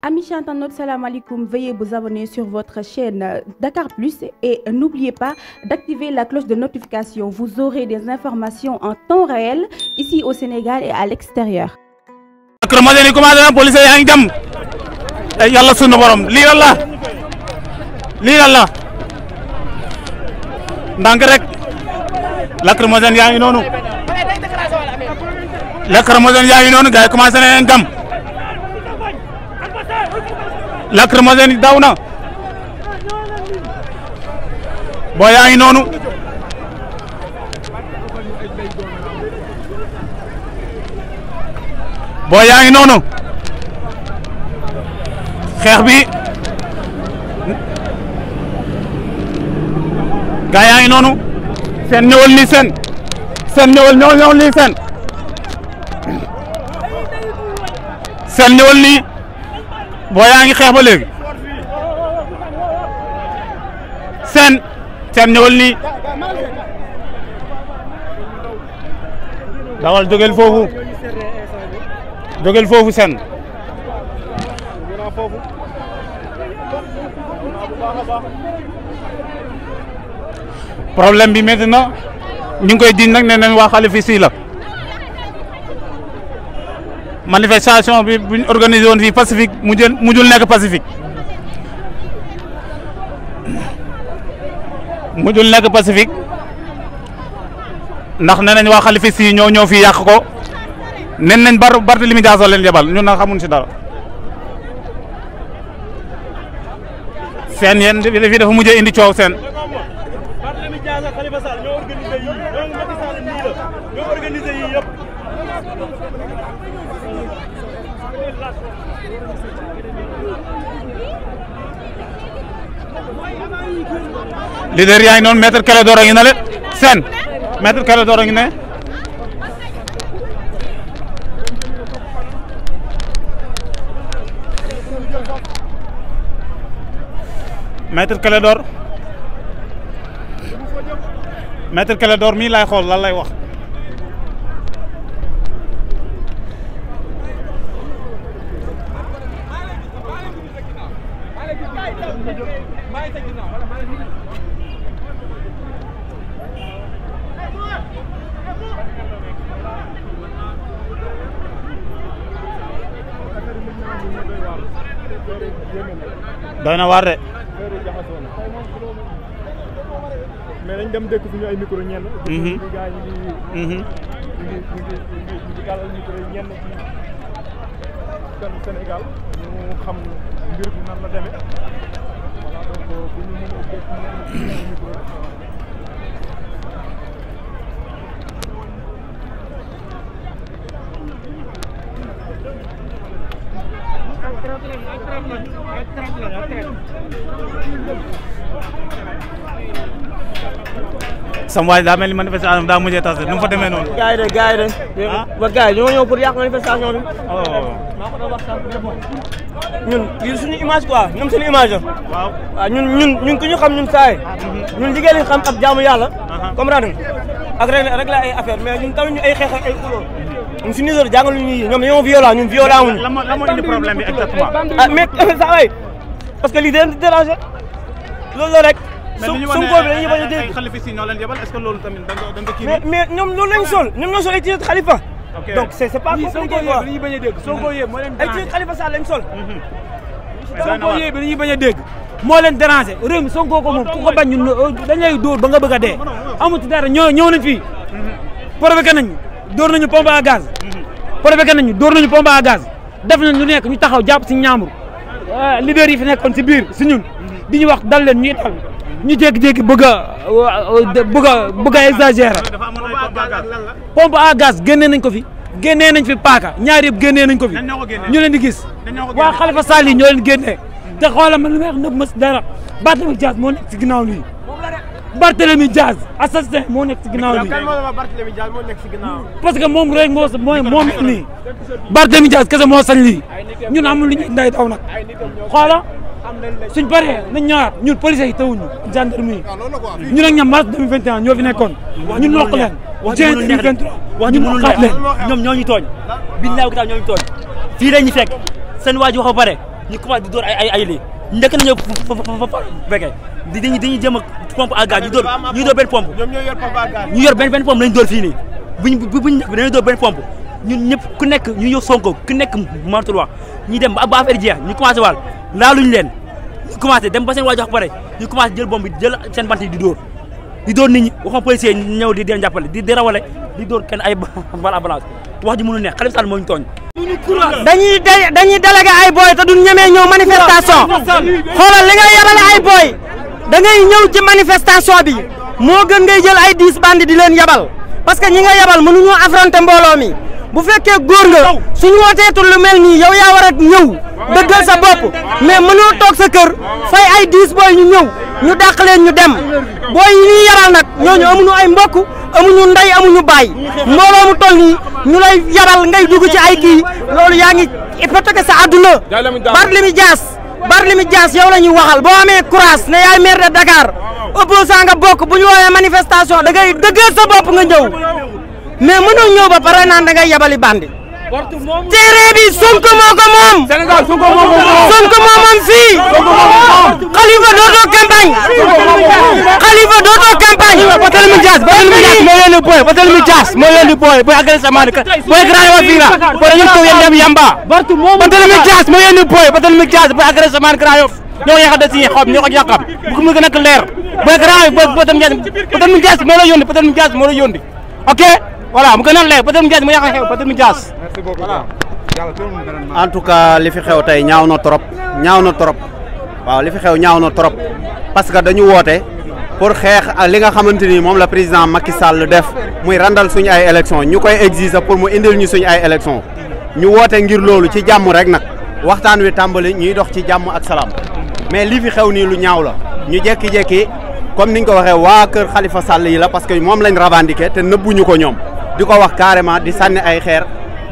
Amis chers internautes, salam alaikum. vous abonner sur votre chaîne Dakar Plus et n'oubliez pas d'activer la cloche de notification. Vous aurez des informations en temps réel ici au Sénégal et à l'extérieur. Acromagé ni commencé na police yaa ngi dem yàlla sunu borom lii lan la lii lan la ndànk rek lacrymogène yaa ngi noonu lacrymogène commencé nañ dem lacrymogène yi daw na boo yaa ngi noonu ngi noonu xeex bi gaa yaa ngi noonu seen ñëwal lii sen seen ñëwal ñëwal ñëwal sen seen seen boo yaa ngi xeex ba léegi seen seen ñëwal nii dawal jógel foofu jógel foofu seen problème bi métti na ñu koy diñ nag ne nañ waa Khalifa Sall la manifestation bi buñ organisé woon fii pacifique mu jël mujjul nekk pacifique mujjul nekk pacifique ndax nee nañ waa xalifis yi ñoo ñëw fii yàq ko nen nañ bar Barthélémy Dias leen yebal ñun na xamuñ si dara seen yéen fii dafa mujjee indi coow seen leader yaa ngi noonu maître Clédor a ngi na le seen maître Clédor a ngi ne maître Clédor maître Clédor mii laay xool lan lay wax doy na waar de. mais dañ dem dëkk suñu ay micro ñenn. Mhm. ñu gaa ñenn Sénégal ñu xam mbir bi sama waay daa mel ni manifestation daa mujjee tas de nu mu fa demee noonu. gars yi de gars yi de. ba ah? gars yi ñoo ñëw pour yàq manifestation ko doon wax sànq ñun lii suñu image quoi ñoom ah, ñun ñun ñun ñu xam ñun saa mhm. ñun liggéey lañ xam ak jaamu yàlla. Uh-huh. comprendre nga ak rek ay affaire mais ñun tamit ñu ay xeex ay xuloo. ñun suñu zone jàngaluñu ñii ñoom dañoo violent ñun violent wuñu. lan moo indi problème bi exactement. ah mais saa waay parce que lii day déranger loolu la rek. mais li ñu wane ay xalifa si ñoo leen yebal est-ce que loolu tamit da nga da nga kii. mais mais ñoom loolu lañ sol ñoom ñoo sol ay t-shirt xalifa. donc c'est c'est pas compliqué quoi ñii bañ a dégg soo ko yee moo leen. ay t-shirt xalifa Sall lañ sol. Mhm. soo ko yee bi dañuy bañ a dégg. moo leen déranger réew mi Sonko ko moom ku ko bañ ñun dañ lay dóor ba nga bëgg a dee. amatu dara ñoo ñëw nañ fii. Mhm. provoqué nañ dóor nañu pompe à gaz. provoqué nañu dóor nañu pompe à gaz def nañ lu nekk ñu taxaw jàpp si ñaambur euh, leader yi fi nekkoon si biir si ñun di ñu wax dal leen ñuy dal ñu jékki-jékki bëgg a euh, bëgg a bëgg a exagérer pompe à gaz génnee nañ ko fi. génnee nañ fi paaka ñaar yëpp génnee nañ ko fi ñu leen di gis waa Khalifa Sall yi ñoo leen génnee te xoolal ma lu may wax nëb ma dara Barthélémy Dias moo nekk si ginnaaw lii Barthélemy Diaz assassin moo nekk ci ginnaaw bi parce que moom rek moo mooy moom it nii Barthélemy Diaz kese moo sañ lii ñun amul li ñu nday daw nag xoola suñ paree nañ ñaar ñun police yi tawuñu gendarmerie yi ah, ñun ak ñam mars 2021 ñoo fi nekkoon ñun nokk leen ñun nokkaat leen ñoom ñoo ñu tooñ billaahi kitaab ñoo ñu tooñ fii lañu fekk seen waa ji wax ba pare ñu commencé di door ay ay ay lii njëkk nañu fekkee di dañuy jéem a pompe à gaz ñu dóor ñu dóor benn ñu yor benn benn pompe lañ dóor fii nii buñ buñ benn pompe ñun ñëpp ñu Sonko ku nekk mantul wax dem ba ba affaire ñu commencé waal laaluñu leen ñu commencé dem ba seen waaj wax ñu commencé jël bomb jël seen bant di dóor di dóor nit ñi waxuma policier ñëw di deen jàppale di rawale di dóor kenn ay bal avalanche wax ji mënu neex Khalifa tooñ dañuy dañuy ay booy te duñ ñemee ñëw manifestation xoolal li nga yarale da ngay ñëw ci manifestation bi moo gën ngay jël ay diis bandi di leen yabal parce que ñi nga yabal mënuñoo affronter mbooloo mi bu fekkee góor nga suñu wooteetul lu mel nii yow yaa war a ñëw dëggal sa bopp mais mënoo toog sa kër fay ay diis booy ñu ñëw ñu dàq leen ñu dem booy yi ñuy yaral nag ñooñu amuñu ay mbokk amuñu ndey amuñu baay mbooloo mu toll nii ñu lay yaral ngay dugg ci ay kii loolu yaa ngi hypothéquer sa àdduna Barthélémy Dias Barthélémy Dias yow la ñuy waxal boo amee courage ne yaay maire de Dakar opposant nga bokk bu ñu woowee manifestation da ngay dëggal sa bopp nga ñëw mais mënoo ba pare naan da ngay yabali bandi terrain bi Sonko moo ko moom. Sénégal Sonko moo ko moom. Sonko moo moom fii. Khalifa dootoo campagne. Khalifa dootoo campagne. Barthélémy Dias Barthélémy Dias moo moo leen di booy booy agressé moo leen di booy Barthélémy Dias booy agressé sama grand yow ñoo ko yàqal da si xob ñoo ko yàqal bu ko mu gën a leer booy grand yow booy Barthélémy Dias Barthélémy Dias moo la yónni ok. voilà mu gënoon lee peut-être mu jaas mu yàq xew peut-être mu jaas. merci en tout cas li fi xew tey ñaaw na trop ñaaw na trop waaw li fi xew ñaaw na trop parce que dañu woote pour xeex li nga xamante ni moom la président Macky Sall def muy randal suñu ay élection ñu koy exiger pour mu indil ñu suñ ay élection ñu woote ngir loolu ci jàmm rek nag waxtaan wi tàmbali ñuy dox ci jàmm ak salaam mais li fi xew nii lu ñaaw la ñu jekki-jekki comme niñ ko waxee waa kër Khalifa Sall yi la parce que moom lañ revendiqué te nëbbuñu ko ñoom di ko wax carrément di sànni ay xeer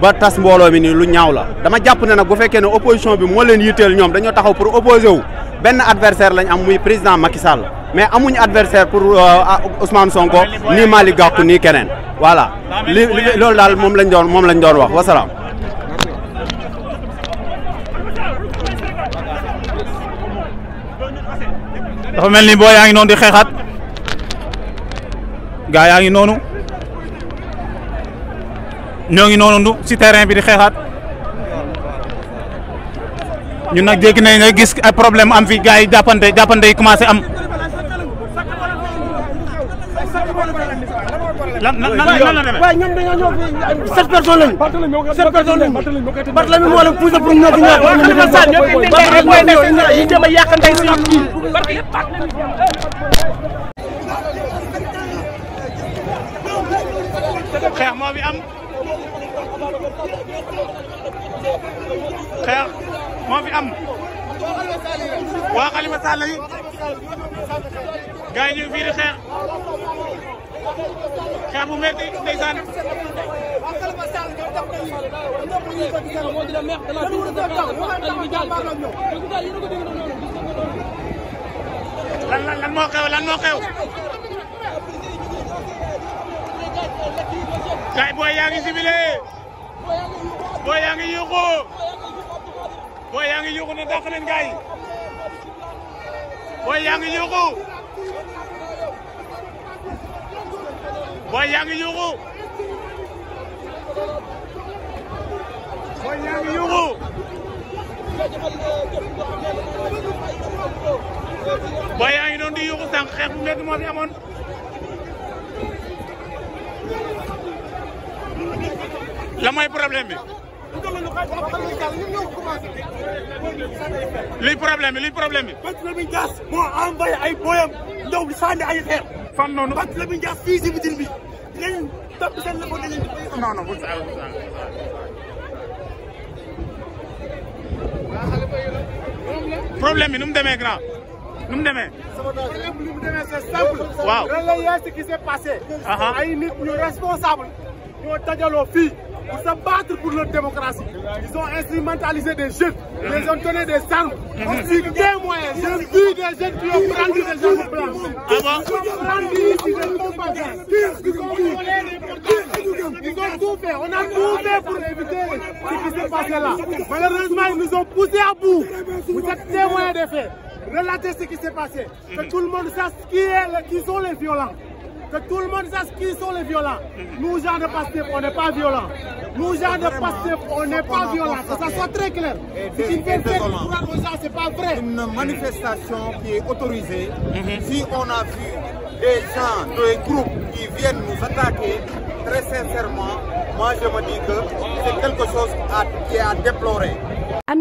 ba tas mbooloo mi nii lu ñaaw la dama jàpp ne nag bu fekkee ne opposition bi moo leen yitteel ñoom dañoo taxaw pour opposer benn adversaire lañ am muy président Macky Sall mais amuñu adversaire pour euh, ah, Ousmane Sonko nii Malick Gakou nii keneen voilà li loolu daal moom lañ doon moom lañ doon wax wasalaam. dafa mel ni boo yaa ngi noonu di xeexaat gaa yaa ngi noonu. ñoo ngi noonu ci terrain bi di xeexaat ñun nag jéggi nañ nga gis problème am fi gars yi jàppande yi commencé am. lan lan lan la demee waaye ñun dañoo ñëw fii sept personnes lañu. sept personnes lañu Barthélemy moo leen poussé pour ñu nekk ñu ngi a yàqante suñu xeex moo xeex moo fi am waa Xalifa Sall yi gars yi ñu ngi fii di xeex xeex bu métti ndeysaan lan lan lan moo xew lan moo xew gars yi booy yaa ngi simile booy yaa ngi yuuxu booy yaa ngi yuuxu ne dàq leen gaay booy yaa ngi yuuxu booy yaa ngi yuuxu booy yaa ngi yuuxu booy yaa ngi doon bu métti moo fi amoon la liy problème bi liy problème bi. Barthélémy Dias moo envoyé ay booyam ndaw di sànni ay xeer. fan noonu Barthélémy Dias fii si biir bi dinañ topp seen lëkkal dañuy. non non bu saa problème bi nu mu demee grand nu mu demee. problème bi nu mu demee c'est simple. waaw lan la yees ce qui s'est passé. ay nit ñu pour se battre pour leur démocratie. Ils ont instrumentalisé des jeunes, ils ont donné des armes. On mhm. s'y témoigne, j'ai vu des jeunes qui ont brandi mhm. des jeunes blancs. Ah ils ont brandi Ils ont volé on a tout pour éviter ce qui s'est passé là. nous ont poussés à bout. Vous êtes témoins des faits. Relatez ce qui s'est passé. tout le monde sache qui, est, qui sont les violents. que tout le monde sache qui les violents. Nous, gens de Pastef, on n'est pas violents. Nous, gens de Pastef, on n'est pas violents. Que ça soit très clair. C'est une vérité aux c'est pas vrai. Une manifestation qui est autorisée, mhm. si on a vu des gens, des groupes qui viennent nous attaquer, très sincèrement, moi je me dis que c'est quelque chose à, qui est à